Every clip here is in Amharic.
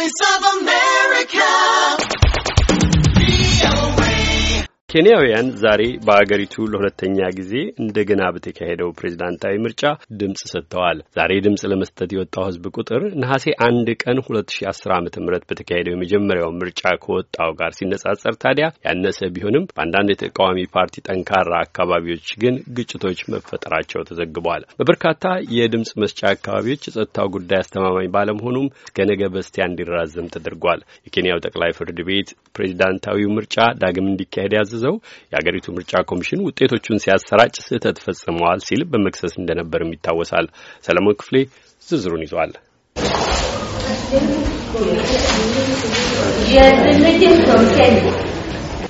voice of ኬንያውያን ዛሬ በአገሪቱ ለሁለተኛ ጊዜ እንደገና በተካሄደው ፕሬዝዳንታዊ ምርጫ ድምፅ ሰጥተዋል። ዛሬ ድምፅ ለመስጠት የወጣው ሕዝብ ቁጥር ነሐሴ አንድ ቀን 2010 ዓ ም በተካሄደው የመጀመሪያው ምርጫ ከወጣው ጋር ሲነጻጸር ታዲያ ያነሰ ቢሆንም በአንዳንድ የተቃዋሚ ፓርቲ ጠንካራ አካባቢዎች ግን ግጭቶች መፈጠራቸው ተዘግቧል። በበርካታ የድምፅ መስጫ አካባቢዎች የጸጥታው ጉዳይ አስተማማኝ ባለመሆኑም እስከ ነገ በስቲያ እንዲራዘም ተደርጓል። የኬንያው ጠቅላይ ፍርድ ቤት ፕሬዝዳንታዊው ምርጫ ዳግም እንዲካሄድ ያዘ አውግዘው የአገሪቱ ምርጫ ኮሚሽን ውጤቶቹን ሲያሰራጭ ስህተት ፈጽመዋል ሲል በመክሰስ እንደነበርም ይታወሳል። ሰለሞን ክፍሌ ዝርዝሩን ይዟል።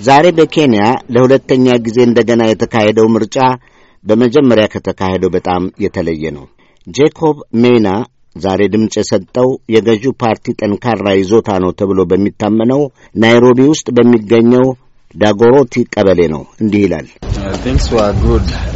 ዛሬ በኬንያ ለሁለተኛ ጊዜ እንደገና የተካሄደው ምርጫ በመጀመሪያ ከተካሄደው በጣም የተለየ ነው። ጄኮብ ሜና ዛሬ ድምፅ የሰጠው የገዢው ፓርቲ ጠንካራ ይዞታ ነው ተብሎ በሚታመነው ናይሮቢ ውስጥ በሚገኘው ዳጎሮቲ ቀበሌ ነው። እንዲህ ይላል። uh,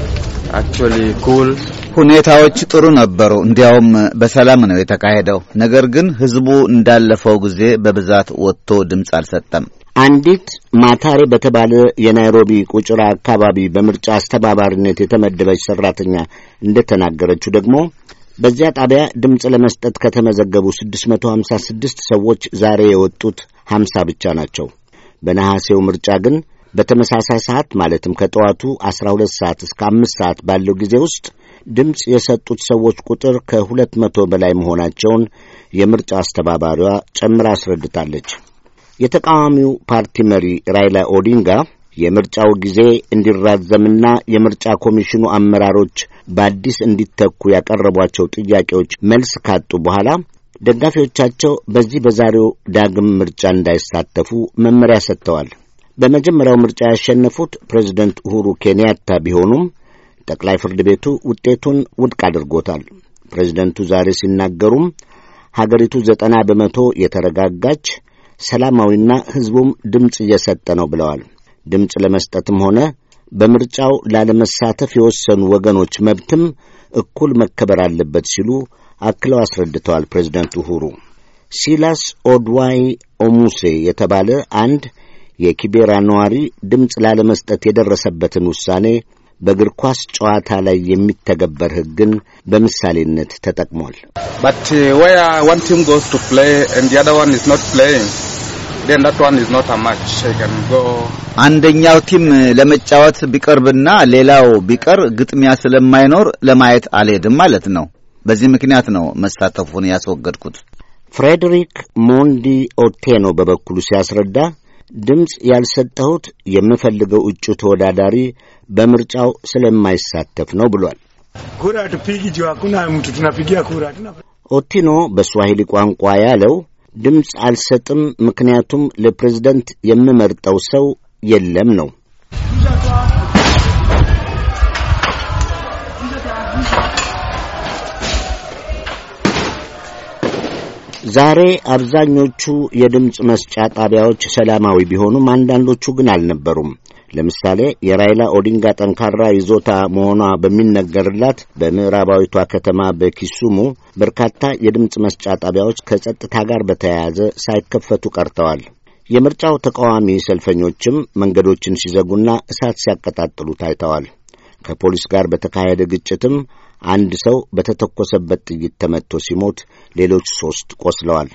ሁኔታዎች ጥሩ ነበሩ። እንዲያውም በሰላም ነው የተካሄደው። ነገር ግን ህዝቡ እንዳለፈው ጊዜ በብዛት ወጥቶ ድምፅ አልሰጠም። አንዲት ማታሬ በተባለ የናይሮቢ ቁጭራ አካባቢ በምርጫ አስተባባሪነት የተመደበች ሰራተኛ እንደተናገረችው ደግሞ በዚያ ጣቢያ ድምፅ ለመስጠት ከተመዘገቡ 656 ሰዎች ዛሬ የወጡት 50 ብቻ ናቸው። በነሐሴው ምርጫ ግን በተመሳሳይ ሰዓት ማለትም ከጠዋቱ 12 ሰዓት እስከ አምስት ሰዓት ባለው ጊዜ ውስጥ ድምፅ የሰጡት ሰዎች ቁጥር ከሁለት መቶ በላይ መሆናቸውን የምርጫ አስተባባሪዋ ጨምራ አስረድታለች። የተቃዋሚው ፓርቲ መሪ ራይላ ኦዲንጋ የምርጫው ጊዜ እንዲራዘምና የምርጫ ኮሚሽኑ አመራሮች በአዲስ እንዲተኩ ያቀረቧቸው ጥያቄዎች መልስ ካጡ በኋላ ደጋፊዎቻቸው በዚህ በዛሬው ዳግም ምርጫ እንዳይሳተፉ መመሪያ ሰጥተዋል። በመጀመሪያው ምርጫ ያሸነፉት ፕሬዚደንት ኡሁሩ ኬንያታ ቢሆኑም ጠቅላይ ፍርድ ቤቱ ውጤቱን ውድቅ አድርጎታል። ፕሬዚደንቱ ዛሬ ሲናገሩም ሀገሪቱ ዘጠና በመቶ የተረጋጋች ሰላማዊና ሕዝቡም ድምፅ እየሰጠ ነው ብለዋል። ድምፅ ለመስጠትም ሆነ በምርጫው ላለመሳተፍ የወሰኑ ወገኖች መብትም እኩል መከበር አለበት ሲሉ አክለው አስረድተዋል። ፕሬዚደንት ኡሁሩ ሲላስ ኦድዋይ ኦሙሴ የተባለ አንድ የኪቤራ ነዋሪ ድምፅ ላለመስጠት የደረሰበትን ውሳኔ በእግር ኳስ ጨዋታ ላይ የሚተገበር ሕግን በምሳሌነት ተጠቅሟል። uh, አንደኛው ቲም ለመጫወት ቢቀርብና ሌላው ቢቀር ግጥሚያ ስለማይኖር ለማየት አልሄድም ማለት ነው። በዚህ ምክንያት ነው መሳተፉን ያስወገድኩት። ፍሬድሪክ ሞንዲ ኦቴኖ በበኩሉ ሲያስረዳ ድምፅ ያልሰጠሁት የምፈልገው እጩ ተወዳዳሪ በምርጫው ስለማይሳተፍ ነው ብሏል። ኦቲኖ በስዋሂሊ ቋንቋ ያለው ድምፅ አልሰጥም፣ ምክንያቱም ለፕሬዝደንት የምመርጠው ሰው የለም ነው። ዛሬ አብዛኞቹ የድምፅ መስጫ ጣቢያዎች ሰላማዊ ቢሆኑም አንዳንዶቹ ግን አልነበሩም። ለምሳሌ የራይላ ኦዲንጋ ጠንካራ ይዞታ መሆኗ በሚነገርላት በምዕራባዊቷ ከተማ በኪሱሙ በርካታ የድምፅ መስጫ ጣቢያዎች ከጸጥታ ጋር በተያያዘ ሳይከፈቱ ቀርተዋል። የምርጫው ተቃዋሚ ሰልፈኞችም መንገዶችን ሲዘጉና እሳት ሲያቀጣጥሉ ታይተዋል። ከፖሊስ ጋር በተካሄደ ግጭትም አንድ ሰው በተተኮሰበት ጥይት ተመትቶ ሲሞት ሌሎች ሦስት ቆስለዋል።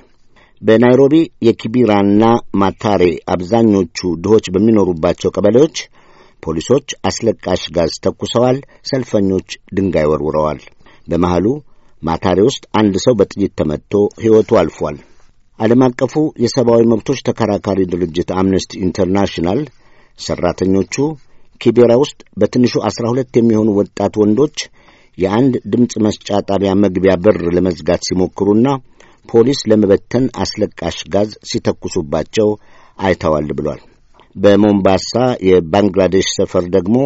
በናይሮቢ የኪቢራና ማታሬ አብዛኞቹ ድሆች በሚኖሩባቸው ቀበሌዎች ፖሊሶች አስለቃሽ ጋዝ ተኩሰዋል። ሰልፈኞች ድንጋይ ወርውረዋል። በመሃሉ ማታሬ ውስጥ አንድ ሰው በጥይት ተመትቶ ሕይወቱ አልፏል። ዓለም አቀፉ የሰብአዊ መብቶች ተከራካሪ ድርጅት አምነስቲ ኢንተርናሽናል ሠራተኞቹ ኪቤራ ውስጥ በትንሹ ዐሥራ ሁለት የሚሆኑ ወጣት ወንዶች የአንድ ድምፅ መስጫ ጣቢያ መግቢያ በር ለመዝጋት ሲሞክሩና ፖሊስ ለመበተን አስለቃሽ ጋዝ ሲተኩሱባቸው አይተዋል ብሏል። በሞምባሳ የባንግላዴሽ ሰፈር ደግሞ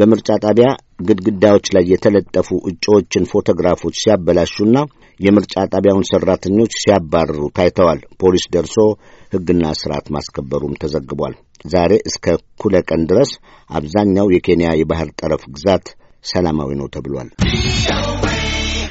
በምርጫ ጣቢያ ግድግዳዎች ላይ የተለጠፉ እጩዎችን ፎቶግራፎች ሲያበላሹና የምርጫ ጣቢያውን ሠራተኞች ሲያባርሩ ታይተዋል። ፖሊስ ደርሶ ሕግና ሥርዓት ማስከበሩም ተዘግቧል። ዛሬ እስከ እኩለ ቀን ድረስ አብዛኛው የኬንያ የባህር ጠረፍ ግዛት ሰላማዊ ነው ተብሏል።